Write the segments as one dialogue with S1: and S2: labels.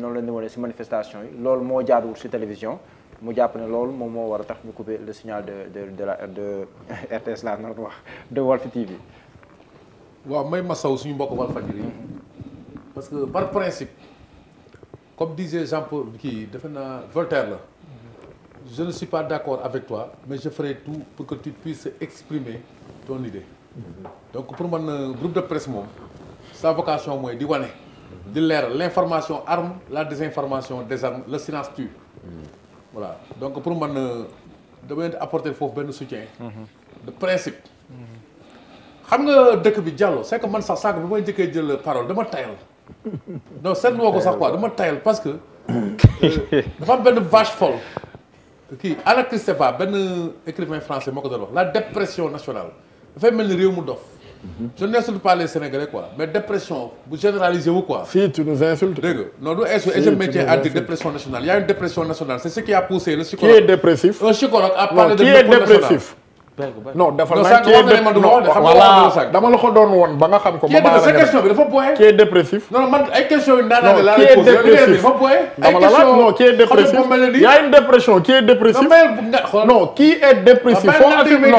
S1: noonu la ñu wane si manifestation yi loolu moo jaaduwul si télévision mu jàpp ne loolu moom moo war a tax ñu couper le signal de de de la de RTS laa noonu wax de Walf TV.
S2: waaw may masaw suñu mbokk Walfadjri yi mm-hmm. parce que par principe comme disait Jean-Paul kii defe naa Voltaire la mm-hmm. je ne suis pas d'accord avec toi mais je ferai tout pour que tu puisses exprimer ton idée mm-hmm. donc pour man euh, groupe de presse moom sa vocation mooy di wane. di leeral l'information arme la désinformation désarme le silence tue voilà donc pour man euh, dama leen di apporter foofu benn soutien de principe xam nga dëkk bi Diallo c'est man sax sànq bi may njëkkee jël parole dama tayal non seetlu woo ko sax quoi dama tayal parce que
S1: euh,
S2: dafa am benn vache folle kii Anna Christeva benn écrivain français moo ko doon la dépression nationale dafay mel ni réew mu dof je n'insulte pas les Sénégalais quoi mais dépression bu généraliser wu quoi. fii tu nous insultes. dégg nga non du insulte et je maintiens dire dépression nationale y a une dépression nationale c'est ce qui a poussé le psychologue. qui est dépressif un psychologue a parlé de. qui est dépressif non dafa la kii dama la ko doon woon ba xam ko. ba sa question bi dafa poye. kii est dépressif. non man ay questions yu a une dépression kii est dépressif. non kii est dépressif. foo assumer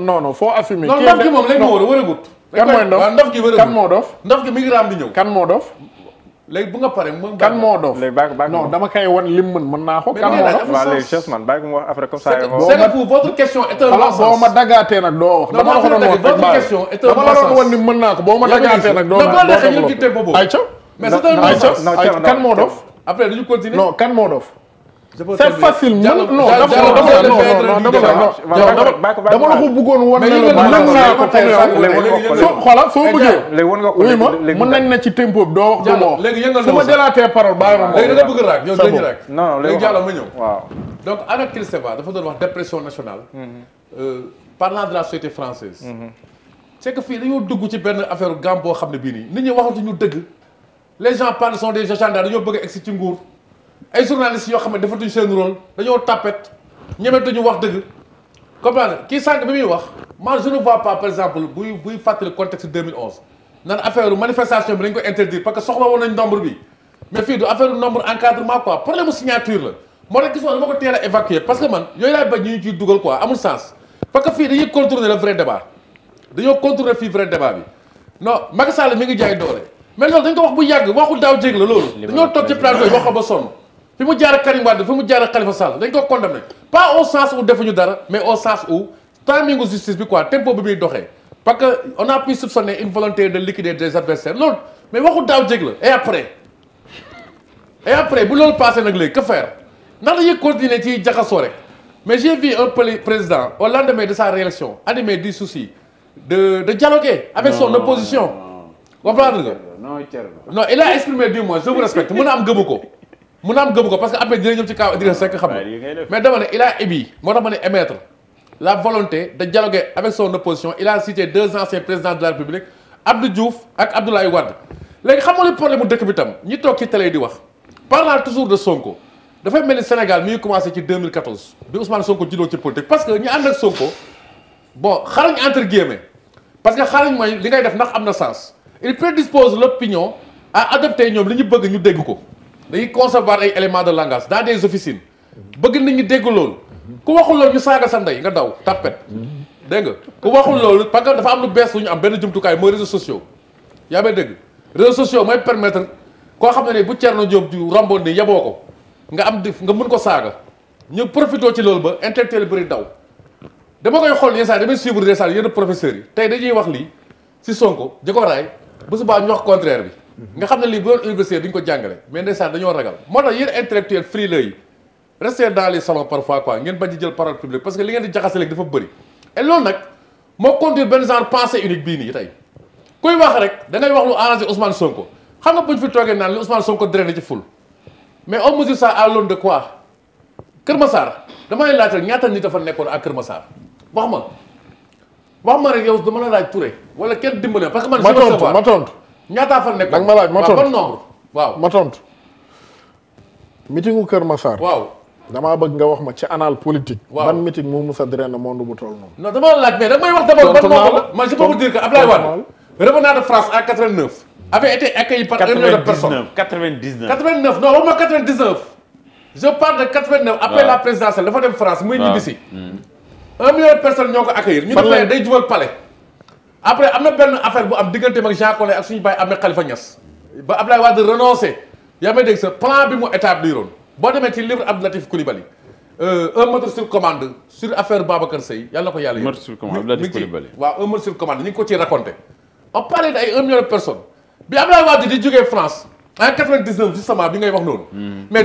S2: non non moo kan moo dof. kan moo dof léegi bu nga pare mën kan moo doof non dama koy wan lim mën mën naa ko kan moo doof waaw kan moo doof c'est facile mën non
S1: dama la ko bëggoon woon ne la mën naa ko tey soo xoola soo ma mën nañ
S2: ne ci tempo bi doo wax du ma wax su ma parole bàyyi ma léegi da nga bëgg raak dafa doon wax dépression nationale mm-hmm. euh, parlant de la société française mm-hmm. c'est que fii dañoo dugg ci benn affaire gam boo xam ne bii nii nit ñi waxatuñu dëgg les gens parlent sont des gendarmes dañoo bëgg a ci nguur ay journalistes yoo xam ne defatuñ seen rôle dañoo tapet ñemetuñu wax dëgg comprendre kii sànq bi muy wax man je ne vois pas par exemple buy buy fàttali contexte 2011 nan affaire manifestation bi dañ ko interdire parce que soxla woon nañ nombre bi mais fii du affaire nombre encadrement quoi problème signature la moo tax gis nga dama ko teel évacuer parce que man yooyu laay bañ ñu ciy dugal quoi amul sens parce que fii dañuy contourner le ngi jaay doole mais loolu wax bu yàgg waxul daaw jég la loolu fi mu jaar a Wade fi mu jaar Khalifa Sall dañ ko condamné pas au sens où defuñu dara mais au sens où timing justice bi quoi tempo bi muy doxee parce que on a pu soupçonner une de liquider des adversaires loolu mais waxu daaw jég la et après et bu loolu passé nag léegi que faire ndax dañuy continuer ci jaxasoo rek mais j'ai vu un président au lendemain de sa réélection animé du souci de de dialoguer avec son opposition comprendre nga non non il a exprimé du moins a am gëmu ko mun naa am gëm ko parce que am dina ñëw ci kaw Idrissa Seck xam nga mais dama a émis moo tax ma ne émettre son opposition a cité de la République Abdou dafay mel ni Sénégal mi ngi commencé ci 2014 bi Ousmane Sonko juddoo ci politique parce que ñu ànd ak bon xarañ entre guillemets parce que xarañ mooy li ngay def ndax am na sens il prédispose l'opinion à adopter ñoom li ñu bëgg ñu dégg ko. dañuy concevoir ay éléments de langage dans des officines bëgg nit ñi dégg loolu ku waxul loolu ñu saaga sa ndey nga daw tapet dégg nga ku waxul loolu parce que dafa am lu bees lu ñu am benn jumtukaay mooy réseaux sociaux yaa may dégg réseaux sociaux mooy permettre koo xam ne ne bu Thierno Diop di romboon ni yeboo ko nga am di nga mën ko saaga ñu profité ci loolu ba intellectuel bëri daw dama koy xool yenn saa damay suivre des saa yenn professeurs yi tey dañuy wax lii si Sonko di ko raay bu subaa ñu wax contraire bi nga xam ne lii bu doon université duñ ko jàngale mais ndeysaan dañoo ragal moo tax yéen intellectuel frileux yi restez dans les salons parfois quoi ngeen bañ ci jël parole publique parce que li ngeen di jaxase léegi dafa bëri et nag moo conduire benn genre pensée unique bii nii tey kuy wax rek da ngay wax lu arrangé Ousmane ko xam nga buñ fi toogee naan li Ousmane Sonko drainé ci ful mais on mesure ça à l'aune de quoi Kër Massar damay laaj rek ñaata nit dafa nekkoon ak Kër Massar wax ma wax ma rek yow dama la laaj wala kenn dimbali parce que man ma tontu ma ñaataa fan nekkoon ma laaj ma tontu waaw ma tontu. meetingu Kër Massar. waaw damaa bëgg nga wax ma ci anal politique. waaw meeting moo mus a drainer monde bu toll noonu. non laaj mais da may wax d'abord ban nombre la ma je peux vous dire que Ablaye Wade revenant de France en 89. avait été accueilli par un million de personnes.
S1: 99
S2: 99 non waxuma 99. présidentielle dafa dem France muy ñibbisi. Hmm. un million de personnes ñoo ko accueillir. ñu ne day jubal palais. après am na benn affaire bu am diggante mag Jean Collin ak suñu bàyyi Ahmed Khalifa Niass ba Abdoulaye Wade renoncé yaa may dégg sa plan bi mu établir woon boo demee ci livre Abdou Latif Coulibaly euh, un meurtre sur commande sur affaire Babacar Seye yàlla ko yàlla. meurtre sur commande Abdou Latif Coulibaly waaw un meurtre sur commande ñu ngi ko ciy raconté. on parlait de ay un million de personnes bi Abdoulaye Wade di jógee France en 99 justement bi ngay wax noonu. Hmm. mais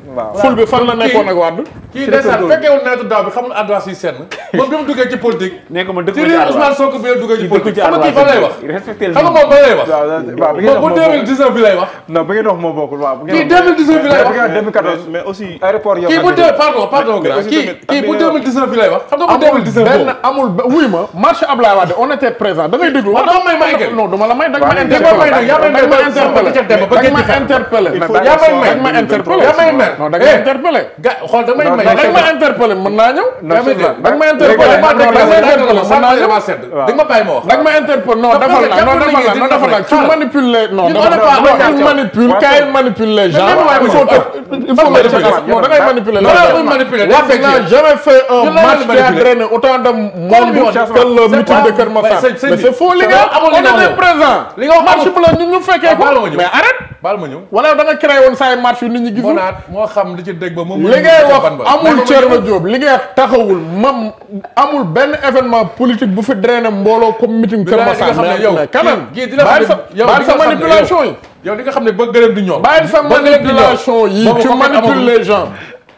S2: ful bi fan la nekkoon ak Wade. kii ndeysaan fekkeewul nawetu daaw bi xam na adresse yi senn moom bi mu duggee ci politique. nekk ma dëkk ci Adwaar ci Ousmane Sonko bi la duggee ci politique xam nga kii fan lay wax. respecté xam nga moom fan lay wax.
S1: moom bu 2019
S2: bi lay wax. non bu ngeen wax moo bokkul waaw. kii 2019 bi lay wax.
S1: 2014 mais aussi. aéroport yow
S2: kii bu dee pardon pardon. kii kii bu 2019 bi lay wax. xam nga bu 2019 boobu benn amul wuy ma. marché Ablaye Wade on était présent da ngay déglu. waaw dama may may gën non duma la may dag ma interpellé. waaw dama may nag yaa may may non da nga naa ñëw. non c'est vrai da nga ma la non defal la non defal la tu manipule quand il il faut il faut manipuler non da ngay manipuler wax naa jamais fait un match qui a drainé autant de monde que de Keur mais c'est faux li nga on était présent. li nga wax match bu la ñun ko baal ma ñëw wala da nga créé woon say match yu nit ñi gisul naat moo xam li ci dégg ba moom li ngay wax amul Thierno Diop li ngay taxawul mam amul benn événement politique bu fi drainé mbooloo comme meeting Kër Massar yow kanam bàyyi sa manipulation yi yow li nga xam ne ba gërëm di ñoom bàyyi sa manipulation yi tu manipules les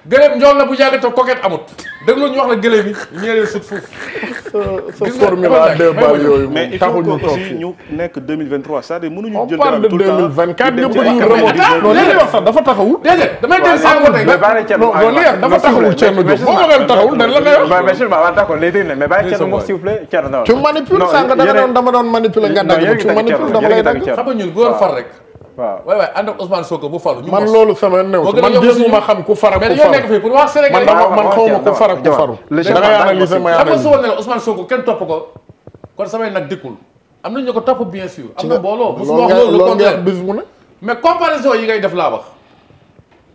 S2: gëléem njool la bu yàgg te coquette amut dégg ñu wax la gëléem yi ñee leen sut foofu. sa formula deux balles yooyu. mais il faut que aussi
S1: ñu nekk 2023 c'est-à-dire mënuñu jël dara tout le temps on parle de 2024 ñëpp ñu remonté non li wax sax dafa taxawul. déedéet damay dégg saa ko tey non dafa taxawul Thierno Diop boo waxee taxawul dañ la koy wax. mais sûrement waaw d'accord léegi mais bàyyi Thierno moom s'il vous plaît Thierno. tu manipules sànq dama doon
S2: dama doon manipuler nga dagg tu manipules dama lay dagg. xam nga ñun góor far rek waaw waay waay ànd ak Ousmane Sonko bu falu. ñu man loolu sama néew. man gisuma xam ku fara ku faru mais dañoo nekk fii pour wax Sénégal man xawma ku fara ku faru. da ngay analyser ma analyser xam nga su ma ne la Ousmane Sonko kenn topp ko kon samay nag dikkul am na ñu ko topp bien sûr. am na mbooloo mosuma wax loolu loolu mais comparaison yi ngay def laa wax.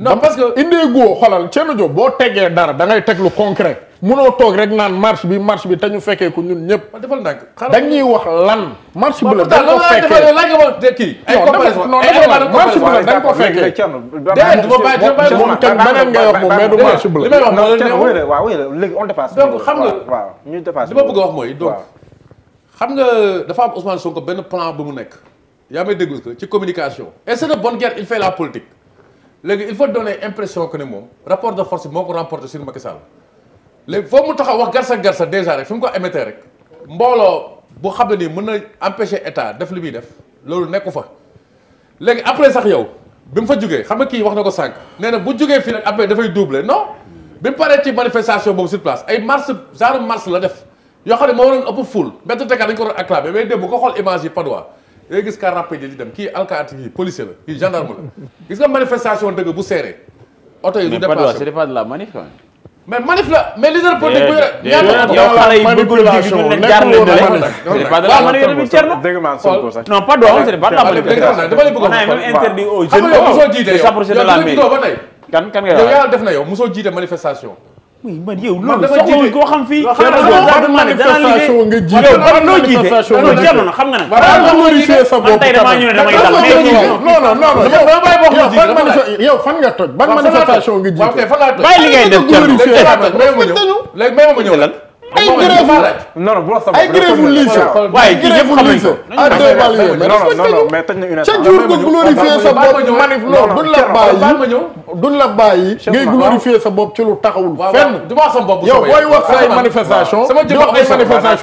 S2: non parce que indee guo xoolal Thierno Diop boo tegee dara da ngay teg lu concret munoo toog rek naan marche bi marche bi te ñu fekkee ko ñun ñëpp. defal ndànk dañuy wax lan. marche bi la dañ ko fekkee lan nga wax kii. ay ma bàyyi du ma xam nga dafa am Ousmane Sonko benn plan bu mu nekk yaa may dégg ci communication et c'est de bonne guerre il fait la politique léegi il faut donner impression que ne moom rapport de force moo ko remporté sur Macky Sall léegi foo mu taxaw wax garsa garsa déjà rek fi mu ko émettre rek mbooloo bu xam ne nii mën na empêcher état def li muy def loolu nekku fa léegi après sax yow bi mu fa jugee xam nga kii wax na ko sànq nee na bu jugee fii nag après dafay doubler non bi mu paree ci manifestation boobu sur place ay marche genre marche la def yoo xam ne moo waroon ëpp fuul mbett tekaa dañu ko doon acclamé mais démb bu ko xool image yi padois day gis car rapide yi dem manifestation dëgg bu serré oto yi du dépassé mais la manif quand mais manif la mais leader politique bu yore. ñaata yow xale yi bëggul digg ñu ne jaar leen de non pas doon c'est pas dama même interdit aux jeunes de s'approcher de la mairie
S1: kan kan nga yow yàlla
S2: def na yow mosoo jiite
S1: oui man yow loolu soxlawuñ koo xam fii. xam nga manifestation nga jiite yow ban noo jiite loolu jàll na xam nga nag. waaw waaw man tey damaa ñëw ne damay dal mais jiite non non non
S2: yow fan nga toj ban manifestation nga jiite bàyyi li ngay def léegi may ma ñëw lan ay grève non non bu la ay grève lycée waaye ñëpp xam nañ ko à deux balles non non mais
S1: tëj na une heure chaque jour nga glorifier sa bopp manif loolu duñ la bàyyi
S2: duñ la bàyyi. ngay glorifier sa bopp ci lu taxawul. fenn du ma yow wax waay sama jëm ay sa bopp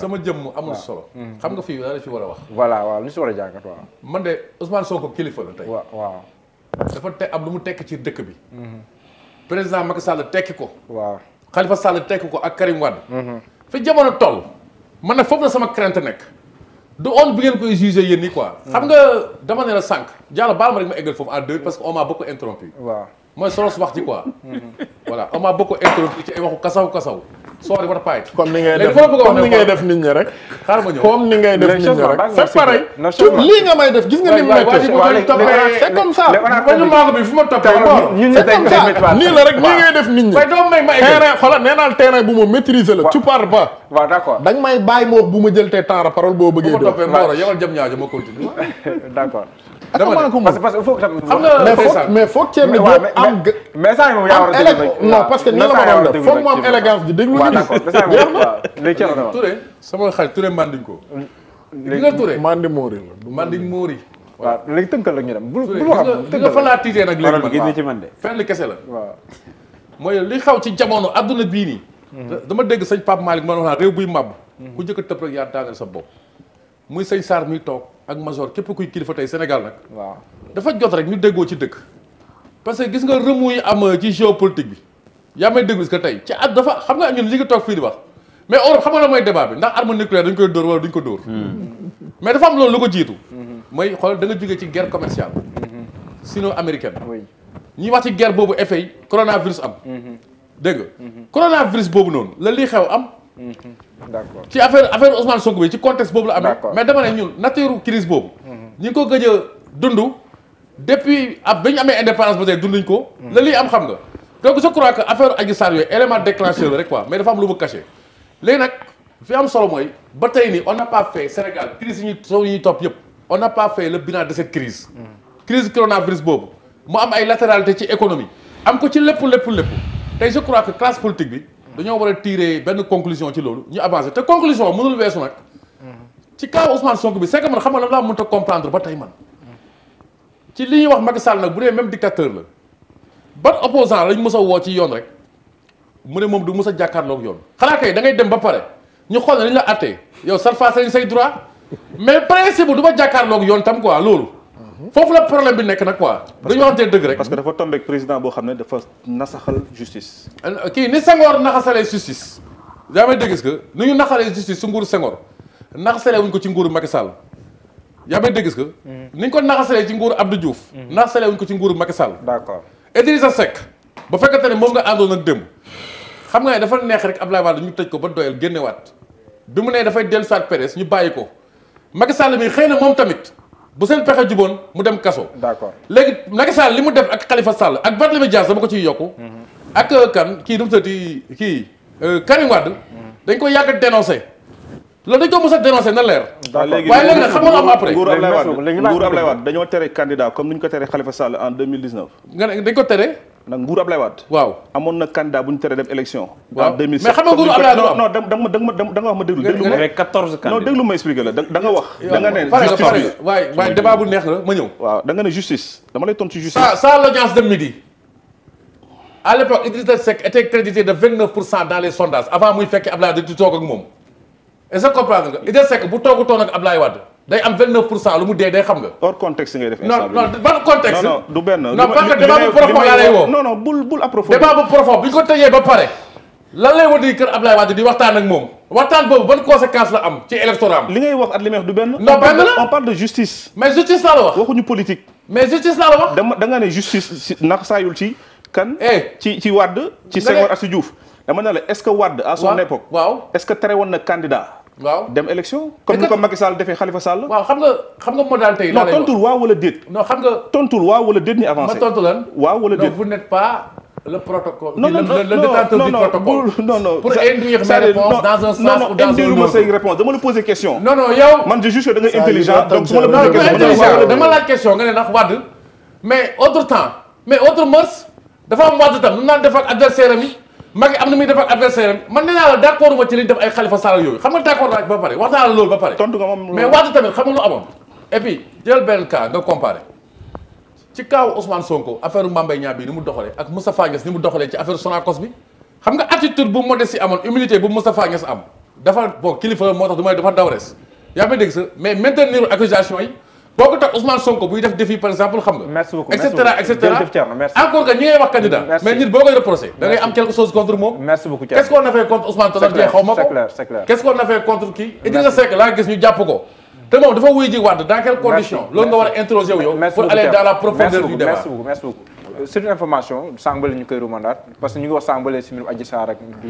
S2: sama jëm amul solo xam nga fii lan la si war a wax
S1: voilà waaw lu si war a jàngat waaw
S2: man de Ousmane Sonko kilifa la tey dafa te am lu mu tekk ci dëkk bi hmm. président Macky Sall tekki ko waaw Khalifa Sall tekki ko ak Karim Wade hmm. fi jamono toll man nag foofu la sama crainte nekk du on bi ngeen koy jugé yéen hmm. xam nga dama ne la sànq. Diallo baal ma rek ma eggal foofu en deux parce que on m'a beaucoup interrompu. waaw mooy solos wax ji quoi. Hmm. voilà on m'a beaucoup interrompu ci ay waxu kasaw kasaw. soori war a paay. comme ni ngay def comme ni ngay def nit ñi rek. xaaral ma comme ni ngay def nit ñi rek c'est pareil. lii nga may def gis maako bi fu ma toppee c'est comme nii la rek nii ngay def nit ñi. terrain xoolal nee naa terrain bu ma maîtriser la. tu parles pas. waaw may bàyyi ma bu ma jël te temps parole boo bëggee. bu ma toppee Mboro jëm ñaajo ma continue d'accord parce que il faut que tam. mais parce que nii la ma doon def foog mu am élégance di déglu. waaw d' accord mais saa yi moom léegi Touré sama xarit Touré Manding ko. Mm, léegi nga Touré Manding Mori la. Manding Mori. waaw léegi tënkal la ñu dem bul bul wax. tënkal la nga fa laa tiitee nag de. fenn kese la. waaw mooy li xaw ci jamono adduna bii nii. Mm. dama dégg sëñ Pape Malick ma ne ko réew buy màbb. ku jëkk a tëb rek yaa daaneel sa bopp muy sëñ Sarr muy toog ak major képp kuy kilifa tey Sénégal nag. waaw dafa jot rek ñu déggoo ci dëkk. parce que gis nga remous yi am euh, ci géopolitique bi yaa may déglu si que tey ci at dafa xam nga ñun li nga toog fii di wax mais Europe xam nga la mooy débat bi ndax arme nucléaire dañ koy dóor wala duñ ko dóor. Hmm. mais dafa am loolu lu ko jiitu. Hmm. mooy xool da nga jógee ci guerre commerciale. Hmm. sino américaine. ñuy wax ci guerre boobu effet yi coronavirus am. dégg nga. coronavirus boobu noonu la lii xew am. Mm-hmm. d'accord ci affaire affaire Ousmane Sonko bi ci contexte boobu la amee. mais dama ñun nature crise boobu. Mm-hmm. ñi ngi ko gëj a dund. depuis ab bi ñu amee indépendance ba tey dunduñ ko. Mm-hmm. la lii am xam nga. donc je crois que affaire Adji Sarr yooyu élément déclencheur la rek quoi mais dafa lu mu caché. léegi nag fi am solo mooy ba tey nii on n'a pas fait Sénégal crise yi ñuy yi ñuy topp yëpp on n'a pas fait le bilan de crise. crise coronavirus boobu mu am ay latéralité ci économie. am ko ci lépp lépp lépp tey je crois bi. dañoo war a tirer benn conclusion ci loolu ñu avancer te conclusion mënul weesu nag. ci kaw Ousmane Sonko bi c'est que man xam nga lan laa mënut a ba tey man. ci li ñuy wax Macky Sall nag bu dee même dictateur la ban opposant lañ mës a woo ci yoon rek mu ne moom du mës a jàkkaarloog yoon. xanaa kay da ngay dem ba pare ñu xool ne dañ la attee yow salfaase say droit mais principe du ba jàkkaarloog yoon tam quoi loolu. Mhm. foofu la problème bi nekk nag quoi. dañu waxantee dëgg rek. parce que dafa tombé ak président boo xam ne dafa nasaxal justice. Euh, kii ni Senghor naxasalee justice. yaa may dégg que ni ñu naxalee justice su nguuru Senghor naxasalee wuñ ko ci nguuru Macky Sall. yaa may dégg que. Mhm. ni ñu ko naxasalee ci nguuru Abdou Diouf. Mhm. naxasalee wuñ ko ci nguuru Macky Sall. d'accord Idrissa Seck. ba fekkente ne moom nga àndoon ak démb xam nga dafa neex rek Abdoulaye Wade ñu tëj ko ba doyal génnewaat bi mu nee dafay dell dellusaat Pérez ñu bàyyi ko Macky Sall mi xëy na moom tamit bu seen pexe juboon mu dem kaso. d'accord léegi Macky Sall li mu def ak Khalifa sàll ak Barthélémy Dias dama ko ciy yokku. Mhm. ak euh, kan kii nu mu tëddee kii euh, Karim Wade. Mhm. dañ ko yàgg a dénoncé. dañ ko mos a na leer.
S1: waaye léegi nag xam nga am après. nguur Ablaye Wade dañoo tere candidat comme ni ñu ko tere Khalifa Sall en 2019. nga ne dañ ko tere. ndax nguur Ablaye Wade. waaw amoon na candidat bu ñu teree dem élection. waaw mais xam nga nguur Ablaye Wade non da nga ma da nga wax ma déglu. déglu ma avec nga wax. da nga ne justice bi waay bu neex la ma ñëw. waaw da nga ne justice dama lay tontu
S2: pour cent dans les sondages avant muy fekk Ablaye di toog ak moom. est-ce que bu toog ak Ablaye Wade day am 29 pour cent lu mu dee day xam nga. hors contexte ngay def. non non ban contexte. du benn. non parce que débat bu profond laa lay woo. non
S1: non bul bul approfondir.
S2: bu ñu ko tëjee ba pare. lan lay wane ni kër Abdoulaye Wade di waxtaan ak moom waxtaan boobu ban conséquence la am ci électorat li ngay wax ak li
S1: may du benn. non benn la on parle de justice. mais justice laa la wax. waxuñu politique. mais justice laa la wax. dama da nga ne justice si nax saayul ci. kan eh. ci ci Wade. ci Senghor ak si Diouf dama ne la est-ce que Wade à son époque. waaw est-ce woon na candidat. waaw dem élection. comme ni ko Macky Sall defee Khalifa Sall. waaw xam nga xam nga modalité yi. la lay wax non tontul waaw wala déet. non xam nga tontul waaw wala déet ni avancé. ma tontu lan waaw wala déet non vous
S2: n'êtes pas. le
S1: protocole. non non le détenteur du protocole. non non pour induire mes réponses dans un sens ou dans un autre. non non induire ma say réponse dama la poser question. non non yow. man je juge que da nga intelligent donc su ma la poser question dama
S2: laaj question nga ne ndax Wade mais autre temps mais autre mœurs dafa am Wade tam nu mu naan def ak adversaire am yi Macky am na muy defar adversaire am man nee naa la d' accord ma ci li ñu def ay Khalifa Sall yooyu xam nga d' accord naa ba pare wax loolu ba pare. tontu nga moom mais waatu mu doxalee ak Moustapha Niasse ni mu doxalee ci affaire Sonacos bi xam nga attitude bu modestie amoon humilité bu Moustapha Niasse am dafa bon kilifa moo tax du may dafa daw yaa ngi dégg sa mais maintenir accusation yi kooku tax Ousmane Sonko buy def défi par exemple xam nga. merci beaucoup encore que ñi ngay wax candidat. mais nit ngay am quelque chose contre moom. merci beaucoup contre Ousmane Tanor Dieng xaw ma ko. c'est clair c'est clair qu'est-ce qu'on a fait contre laa gis ñu jàpp ko. te moom dafa wuy ji wàdd dans quelles conditions. loolu nga war a interroger yow. pour aller dans la profondeur
S1: du